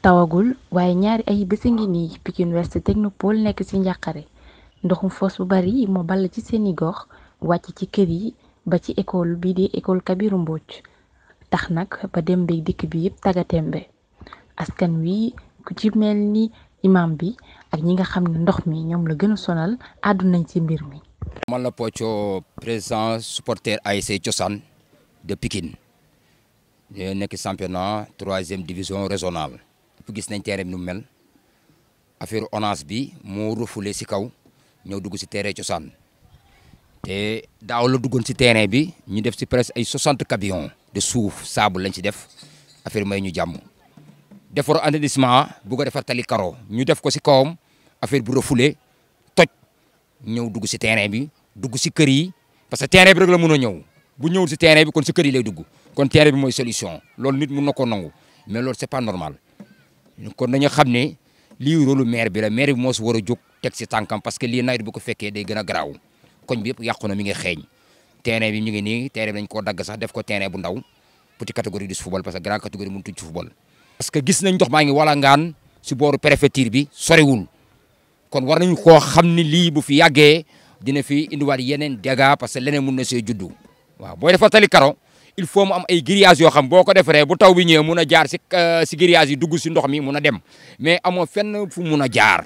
tawagul waaye ñaari ay bés ngi nii Pikine West Technopole nekk ci njàqare ndoxum foos bu bari moo ball ci seeni gox wàcc ci kër yi ba ci école bi di école Kabiru Mbodj tax nag ba dem bi dikk bi yëpp tagatembe askan wi ku ci mel ni imam bi ak ñi nga xam ne ndox mi ñoom la gën a sonal àddunañ ci mbir mi. man la Pocco président supporter ASC Cosaan de Pikine nekk championnat troisième division régionale. gis nañ terrain bi nu mel affaire onance bi moo refoulé si kaw ñëw dugg si terrain cosaan te daaw la duggoon si terrain bi ñu def si presque ay 60 camions de suuf saabu lañ si def affaire may ñu jàmm defar arrondissement bu ko defar tali karo ñu def ko si kawam affaire bu rëfule toj ñëw dugg si terrain bi dugg si kër yi parce que terrain bi rek la mun a ñëw bu ñëwul si terrain bi kon si kër yi lay dugg kon terrain bi mooy solution loolu nit mun na koo nangu mais loolu normal kon nañu xamné li lii rôle maire bi la maire bi moo si war a jóg teg si parce que li nawet bu ko fekke day gëna graw koñ bi yëpp yàqu mi ngi xéñ téré bi ñu ngi ni téré lañ ko dag sax def ko téré bu ndaw petit catégorie du football parce que grand catégorie mënutuñ ci football parce que gis nañ dox ma ngi wala ngaan si boru préfecture bi wul kon war nañ ko xamni li bu fi yagge dina fi wat yenen dégâts parce que lénen mun na see juddu waaw boy defar tali karo il faut mu am ay grillage yoo xam boo ko defaree bu taw bi ñëwee mun a jaar si euh, si grillage yi dugg si ndox mi mun a dem mais amoo fenn fu mun a jaar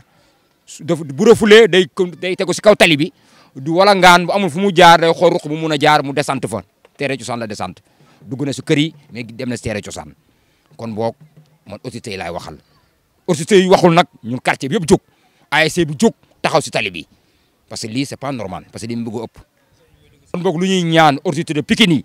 dafa bu refulee day day tegu si kaw tali bi du wala ngaan bu amul fu mu jaar day xool ruq bu a jaar mu descente fa teere cosaan la descente dugg na si kër yi mais dem na si teere cosaan kon book man autorité yi laay waxal autorité yi waxul nag ñun quartier bi yëpp jóg ASC bi jóg taxaw si tali bi parce que lii c'est pas normal parce que li mu bëgg ëpp kon boog lu ñuy ñaan autorité de Pikine yi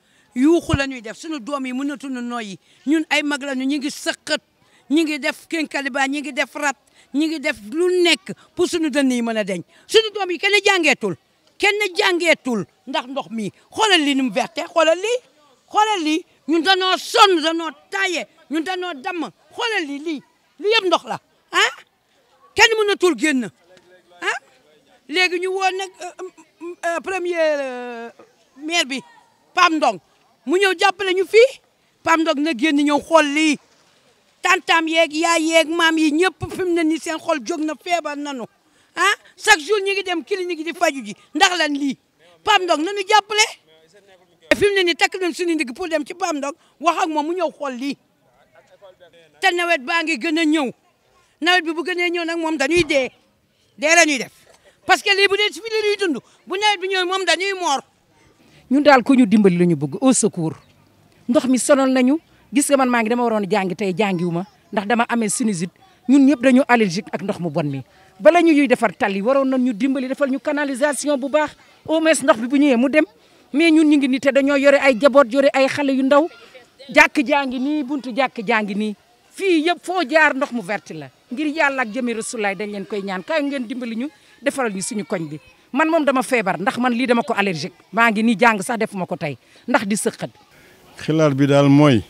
yuuxu la ñuy def suñu doom yi mënatuñu noyyi ñun ay mag lañu ñu ngi sëqat ñu ngi def kénkaliba ñu ngi def rat ñu ngi def lu nekk pour suñu dënn yi mën a deñ suñu doom yi kenn jàngeetul kenn jàngeetul ndax ndox mi xoolal li nu mu verte xoolal lii xoolal lii ñun danoo son danoo taaye ñun danoo damm xoolal lii lii li yëpp ndox la ah kenn mënatul génn ah léegi ñu woon nag euh, euh, euh, premier maire bi Pam Ndong mu ñëw jàppale ñu fii Pam Ndog na génn ñëw xool lii tantam yeeg yaay yeeg maam yi ñëpp fi mu ni nii seen xol jóg na feebar nanu ah chaque jour ñi ngi dem clinique di faju ji ndax lan lii Pam na nañu jàppale fi mu ne nii takk nañ suñu ndig pour dem ci Pam Ndog wax ak moom mu ñëw xool lii te nawet baa ngi gën a ñëw nawet bi bu gënee ñëw nag moom dañuy dee dee la ñuy def parce que lii bu dee si fi la ñuy bu nawet bi ñëw moom dañuy moor ñun daal ko ñu dimbali la ñu bëgg au secours ndox mi sonal nañu gis nga man maa ngi dama waroon jàngi tey jàngiwu ma ndax dama amee sinusite ñun ñëpp dañu allergique ak ndox mu bon mi bala ñu ñuy defar tali waroon nañ ñu dimbali defal ñu canalisation bu au moins ndox bi bu ñëwee mu dem mais ñun ñu ngi nii dañoo yore ay jaboot yore ay xale yu ndaw jàkk jàngi nii buntu jàkk jàngi nii fii yëpp foo jaar ndox mu verte la ngir yàlla ak jëmi rasulaay dañ leen koy ñaan kaay ngeen dimbali ñu defaral ñu suñu koñ bi man moom dama feebar ndax man lii dama ko allergique maa ngi nii jàng sax ma ko tey ndax di sëqat xilaat bi daal mooy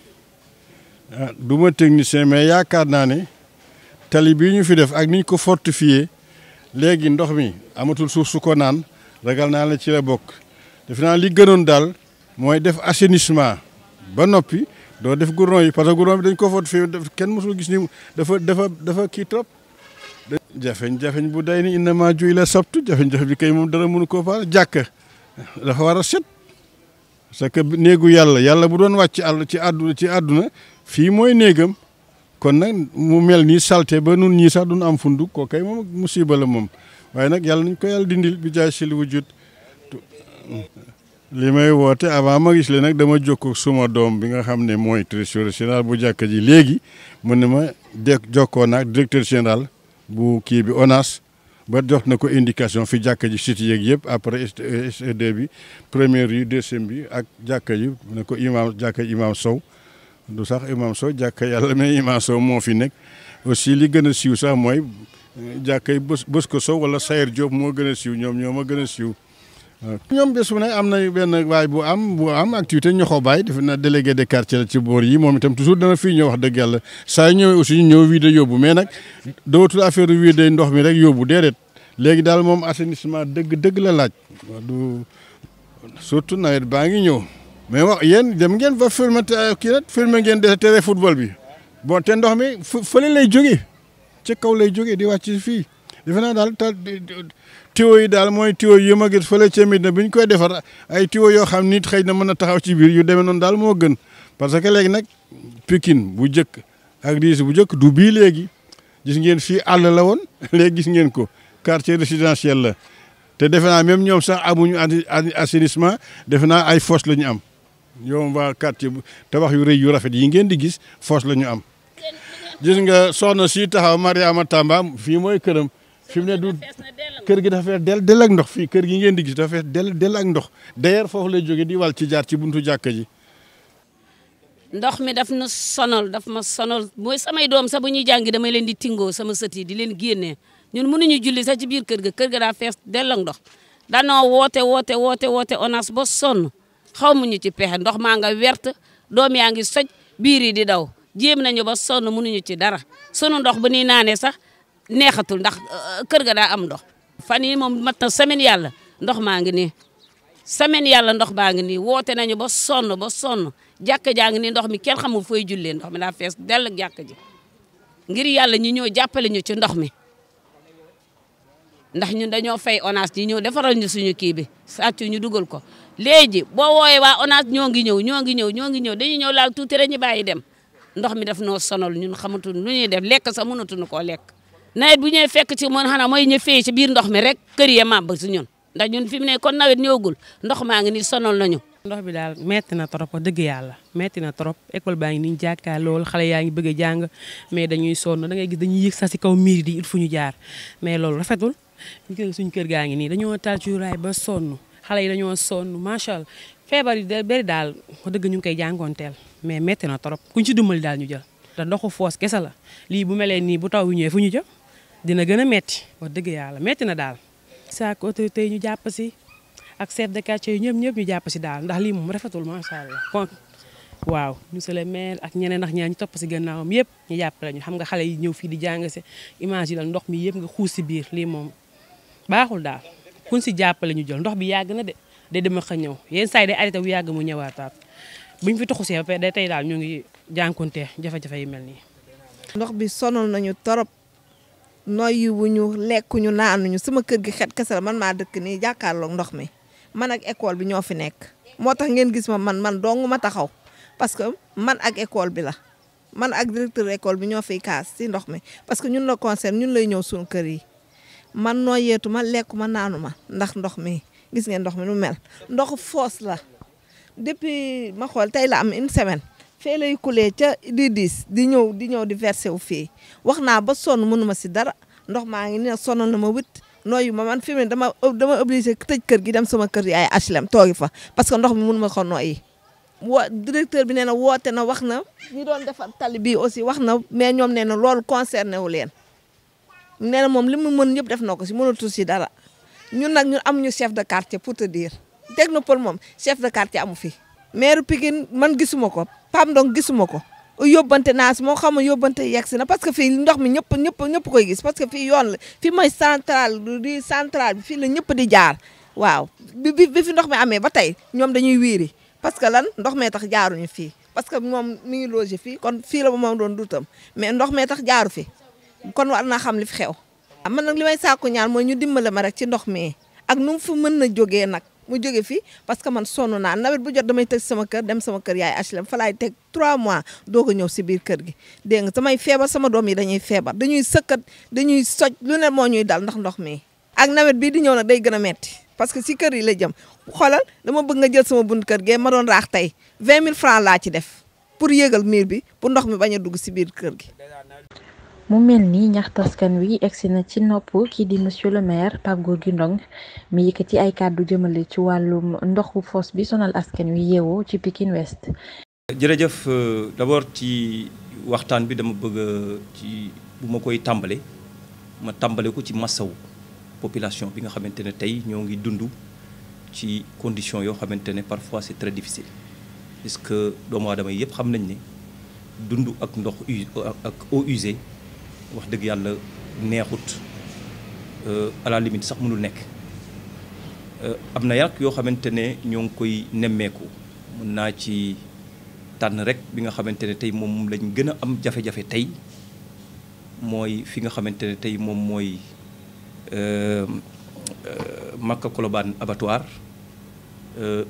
ah, duma technicien mais yaakaar naa ne tali bii ñu fi def ak ni ñu ko fortifié léegi ndox mi amatul suuf su ko naan ragal naa la ci la bokk def naa li gënoon daal mooy def assainissement ba noppi doo def goudron yi parce que goudron bi dañ ko fortifié kenn mosul gis ni dafa dafa dafa kii trop jafeñ-jafeñ bu day ni innama juy la sabtu jafeñ-jafeñ bi kay moom dara mënu ko faal jàkk dafa war a set parce que néegu yàlla yàlla bu doon wàcc àll ci àdduna ci àdduna fii mooy néegam kon nag mu mel nii salte ba nun ñii sax duñ am fundu ko kay moom musiba la moom waaye nag yàlla nañ ko yàlla dindil bi jaay sil wujud li may woote avant ma gis le nag dama jokkoo suma doom bi nga xam ne mooy trésorier général bu jàkka ji léegi mu ne ma de jokkoo naag directeur général bu kii bi ONAS ba jox na ko indication fi jàkka ji site yeeg yëpp après SED bi première yu deuxième bi ak jàkka yi ne ko imaam jàkka imaam Sow du sax imaam Sow jàkka yàlla mais imaam Sow moo fi nekk aussi li gën a siiw sax mooy eh, jàkka yi bës bës ko Sow wala Sayer Diop moo gën a siiw ñoom ñoo ma gën a siiw ñoom bés bu am nañu benn waay bu am bu am activité ñoxo baay def na délégué de quartier la ci boor yi moom itam toujours dana fii ñëw wax dëgg yàlla saa yu ñëwee aussi ñëw wii de yóbbu mais nag dootul affaire wii de ndox mi rek yóbbu déedéet léegi daal moom assainissement dëgg-dëgg la laaj du surtout nawet baa ngi ñëw mais wax yéen dem ngeen ba firme kii nag firme ngeen de terrain football bi bon te ndox mi fële lay jógee ci kaw lay jógee di wàcc fii defe naa daal tuyau yi dal moy tuyau yi ma gis fele ci Médina bi ñu koy defar ay tuyau yo xam nit xeyna na taxaw ci bir yu demé non dal mo gën parce que légui nak Pikine bu jëk ak diis bu jëk du bi légui gis ngeen fi all la won légui gis ngeen ko quartier résidentiel la te defena même ñom sax amuñu assainissement defena ay fosse lañu am ñom wa quartier tabax yu reuy yu rafet yi ngeen di gis fosse lañu am gis nga soxna si taxaw Mariama Tamba fi moy kërëm fi mu ne du kër gi dafa fees del del ak ndox fii gi ngeen di gis dafa fees ak ndox d'ailleurs foofu lay jóge di wal ci jaar ci buntu jàkka ji ndox mi daf na sonal daf ma sonal mooy samay doom sax bu ñuy jàngi damay leen di tingoo sama sët yi di leen génnee ñun mënuñu julli sax ci biir kër ga kër ga daa fees del ak ndox danoo woote woote woote woote ONAS ba sonn xaw ñu ci pexe ndox maa nga wert doom yaa ngi soj biir yi di daw jéem nañu ba sonn mënuñu ci dara sunu ndox bu ñuy naanee sax neexatul ndax euh, kër ga daa am ndox fan yi moom mat na semaine yàlla ndox maa ngi nii semaine yàlla ndox baa ngi nii woote nañu ba sonn ba sonn jàkka jaa ngi nii ndox mi kenn xamul fooy jullee ndox mi daa fees dell ak jàkka ji ngir yàlla ñu ñëw jàppale ci ndox mi ndax ñun dañoo fay ONAS ñi ñëw defaral ñu suñu kii bi sàcc ñu dugal ko léegi boo wooyee waa ONAS ñoo ngi ñëw ñoo ngi ñëw ñoo ngi ñëw dañuy ñëw laal tuuti rek ñu bàyyi dem ndox mi daf noo sonal ñun xamatul nu ñuy def lekk sax mënatuñu koo lekk nawet bu ñëwee fekk ci moom xanaa mooy ñu fee ci biir ndox mi rek kër ya màbb si ñun ndax fi mu ne kon nawet ñëwagul ndox maa ngi nii sonal nañu. ndox bi daal metti na trop wax dëgg yàlla metti na trop école baa ngi ni jàkkaar lool xale yaa ngi bëgg a jàng mais dañuy sonn da ngay gis dañuy yëg sax si kaw miir di fu ñu jaar mais loolu rafetul suñ kër gaa ngi nii dañoo taal ci ba sonn xale yi dañoo sonn macha allah feebar yi bëri daal wax dëgg ñu ngi koy jàngoonteel mais metti na trop kuñ ci dumali daal ñu jël ndoxu foos kese la lii bu melee nii bu taw bi ñëwee fu ñu jëm dina gën a metti wax dëgg yàlla metti na daal. saako autorité yi ñu jàpp si ak chef de quartier yi ñëpp ñëpp ñu jàpp si daal ndax lii moom rafetul macha allah kon waaw monsieur le ak ñeneen ak ñeneen ñu topp si gannaawam yëpp ñu jàppale ñu xam nga xale yi ñëw fii di jàng si image la ndox mi yëpp nga xuus si biir lii moom baaxul daal kun si jàppale ñu jël ndox bi yàgg na de day dem ak a ñëw yenn saa yi day arrêté bu yàgg mu ñëwaataat buñ fi toxu see ba day tey daal ñu ngi jànkuwante jafe-jafe yu mel nii. ndox bi sonal nañu torop noyyi wuñu lekkuñu naanuñu sama kër gi xet kese la man maa dëkk nii jàkkaarloog ndox mi man ak école bi ñoo fi nekk. moo tax ngeen gis ma man man dong ma taxaw parce que man ak école bi la man ak directeur école bi ñoo fi kaas si ndox mi parce que ñun la concerne ñun lay ñëw suñu kër yi man noyyeetu ma lekku ma naanu ma ndax ndox mi gis ngeen ndox mi nu mel ndoxu foos la depuis ma xool tey la am une semaine. fee lay kulee ca di diis di ñëw di ñëw di versé wu fii wax naa ba sonn mënuma si dara ndox maa ngi ne sonal na ma wit nooyu ma man fi dama dama obligé tëj kër gi dem sama kër yaay HLM toogi fa parce que ndox mi ma ko nooyi. wa directeur bi nee na woote na wax na ñu doon defar tali bii aussi wax na mais ñoom nee na loolu concerné wu leen nee na moom li mu mën yëpp def na ko si mënatu si dara ñun nag ñu am ñu chef de quartier pour te dire technopole moom chef de quartier amu fi. maire Pikine man gisuma ko. Pam Ndong gisuma ko yóbbante naa si moo xam ne yóbbante yegg si na parce que fii ndox mi ñëpp ñëpp ñëpp koy gis parce que fii yoon la fii mooy central di central bi fii la ñëpp di jaar waaw bi bi fi ndox mi amee ba tey ñoom dañuy wiiri parce que lan ndox mee tax jaaruñu fii parce que moom mi ngi logé fii kon fii la moom doon duutam mais ndox mee tax jaaru fi kon war naa xam li fi xew. man nag li may sàkku ñaan mooy ñu dimbale ma rek ci ndox mi ak nu mu fa mën na jógee nag. mu jóge fi parce que man sonn naa nawet bu jot damay tëj sama kër dem sama kër yaay HLM fa laay teg 3 mois doo a ñëw si biir kër gi dégg nga samay feebar sama doom yi dañuy feebar dañuy sëkkat dañuy soj lu ne moo ñuy dal ndax ndox mi. ak nawet bii di ñëw na day gën a metti parce que si kër yi la jëm xoolal dama bëgg nga jël sama bunt kër gee ma doon raax tey 20000 francs laa ci def pour yéegal miir bi pour ndox mi bañ a dugg si biir kër gi. mu mel ni ñaxtu askan wi egsi na ci nopp kii di monsieur le maire Pape Gorgui Ndong mi yëkkati ay kàddu jëmale ci wàllum ndoxu foos bi sonal askan wi yeewoo ci Pikine West. jërëjëf euh, d'abord ci waxtaan bi dama bëgg euh, ci bu ma koy tàmbale ma tàmbale ko ci massawu population bi nga xamante ne tey ñoo ngi dund ci condition yoo xamante ne parfois c'est très difficile puisque doomu aadama yi yëpp xam nañ ne dund ak ndox ak eau usée wax dëgg yàlla neexut euh, à la sax mënul nekk euh, am na yàq yoo xamante ne ñoo ngi koy nemmeeku mën naa ci tànn rek bi nga xamante ne tey moom lañ gën a am jafe-jafe tey mooy fi nga xamante ne tey moom mooy euh, Maka Colobane abattoir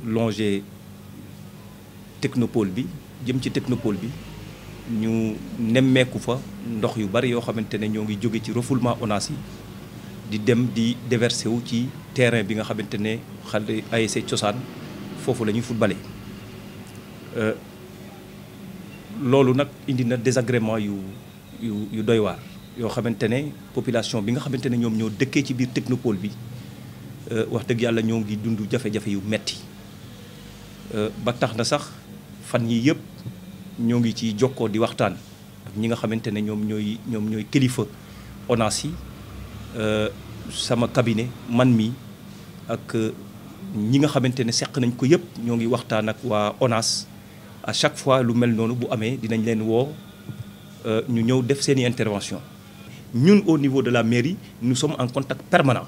longé technopole bi jëm ci technopole bi ñu nemmeeku fa ndox yu bari yoo xamante ne ñoo ngi jóge ci refoulement ONAS yi di dem di déverser wu ci terrain bi nga xamante ne xale ASC cosaan foofu lañuy ñuy euh, loolu nag indi na désagrément yu yu yu doy waar yoo xamante ne population bi nga xamante ne ñoom ñoo dëkkee ci biir technopole bi euh, wax dëgg yàlla ñoo ngi dund jafe-jafe yu metti euh, ba tax na sax fan yii yëpp ñoo ngi ci jokkoo di waxtaan ak ñi nga xamante ne ñoom ñooy ñoom ñooy kilifa ONAS yi euh, sama cabinet man mi ak euh, ñi nga xamante ne seq nañ ko yépp ñoo ngi waxtaan ak waa ONAS à chaque fois lu mel noonu bu amee dinañ leen woo euh, ñu ñëw def seeni intervention ñun au niveau de la mairie nous sommes en contact permanent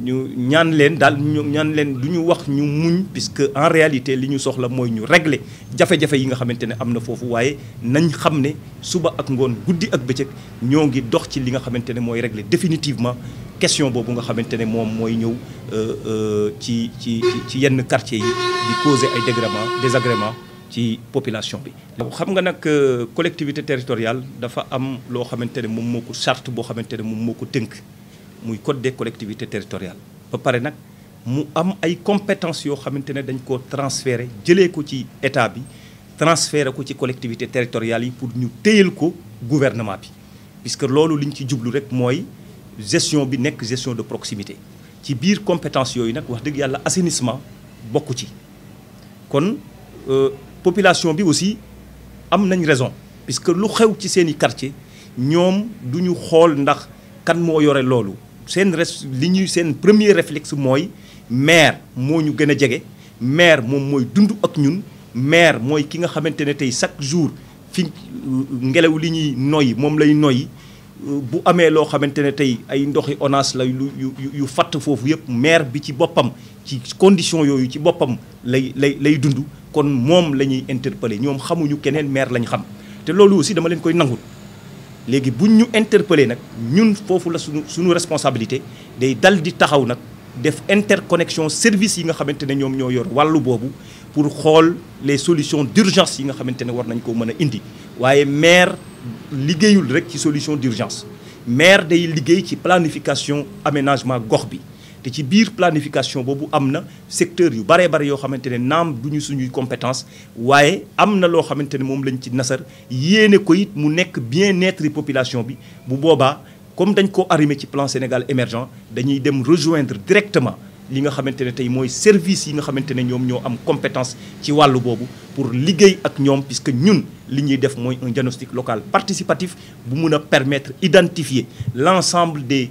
nous ñaan leen dal ñaan leen wax ñu muñ puisque en réalité li ñu soxla moy ñu régler jafé qui yi nga fait, amna fofu wayé nañ xamné suba ak ngone guddi ak ñoo ngi dox ci li nga moy définitivement question qui nga mom moy moom qui euh, euh ci ci ci yenn quartier yi di causer ay désagrément ci population bi. xam nga nak euh, collectivité territoriale dafa am lo mom moko, charte muy code des collectivités territoriales ba pare nag mu am ay compétences yoo xamante ne dañ koo transféré jëlee ko ci état bi transféré ko ci collectivités territoriales yi pour ñu téyal ko gouvernement bi puisque loolu liñ ci jublu rek mooy gestion bi nekk gestion de proximité ci biir compétence yooyu nag wax dëgg yàlla assainissement bokk ci kon euh, population bi aussi am nañ raison puisque lu xew ci seeni quartier ñoom du ñu xool ndax kan moo yore loolu seen res li ñuy seen premier réflexe mooy maire moo ñu gën a jege maire moom mooy dund ak ñun maire mooy ki nga xamante ne tey chaque jour fi euh, ngelaw li ñuy noyyi moom lay noyyi euh, bu amee loo xamante ne tey ay ndoxi ONAS la yu yu fatt foofu yëpp maire bi ci boppam ci condition yooyu ci boppam lay lay lay dund kon moom la ñuy interpeller ñoom xamuñu keneen maire lañ xam te loolu aussi dama leen koy nangul léegi buñu interpeller nak ñun fofu la suñu suñu responsabilité day dal di taxaw nak def interconnexion service yi nga xamantene ñom ñoo yor walu bobu pour xol les solutions d'urgence yi nga xamantene war nañ ko mëna indi waaye maire liggéeyul rek ci solution d'urgence maire day liggéey ci planification aménagement gox bi te ci biir planification boobu amna na secteur yu baree bare yoo xamante ne naam suñuy compétence waaye am na loo xamante lañ ci nasar yéene ko it mu bien-être population bi bu comme dañ ko arrimer ci plan Sénégal émergent dañuy dem rejoindre directement li nga xamantene tay moy service yi nga xamantene ñom ñoo am compétence ci walu bobu pour liggéey ak ñom puisque ñun li ñuy def moy un diagnostic local participatif bu mëna permettre identifier l'ensemble des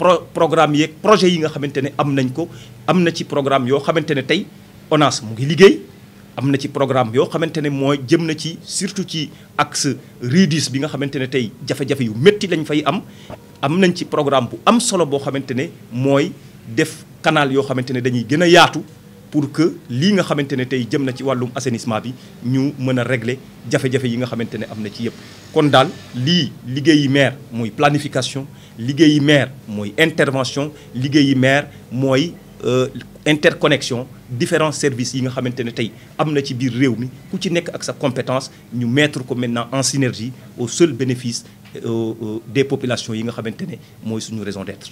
pro programme yeeg projet yi nga xamante ne am nañ ko am na ci programme yoo xamante ne tey ONAS mu ngi liggéey am na ci programme yoo xamante ne mooy jëm na ci surtout ci axe RIDIS bi nga xamante ne tey jafe-jafe yu métti lañ fay am am nañ ci programme bu am solo boo xamante ne mooy def canal yoo xamante ne dañuy gën a yaatu pour que qui nga xamantene tay jëm na ci assainissement bi ñu régler yi nga planification maire qui intervention maire euh, interconnexion différents services yi nga ci mi sa compétence ñu mettre ko maintenant en synergie au seul bénéfice euh, euh, des populations yi nga raison d'être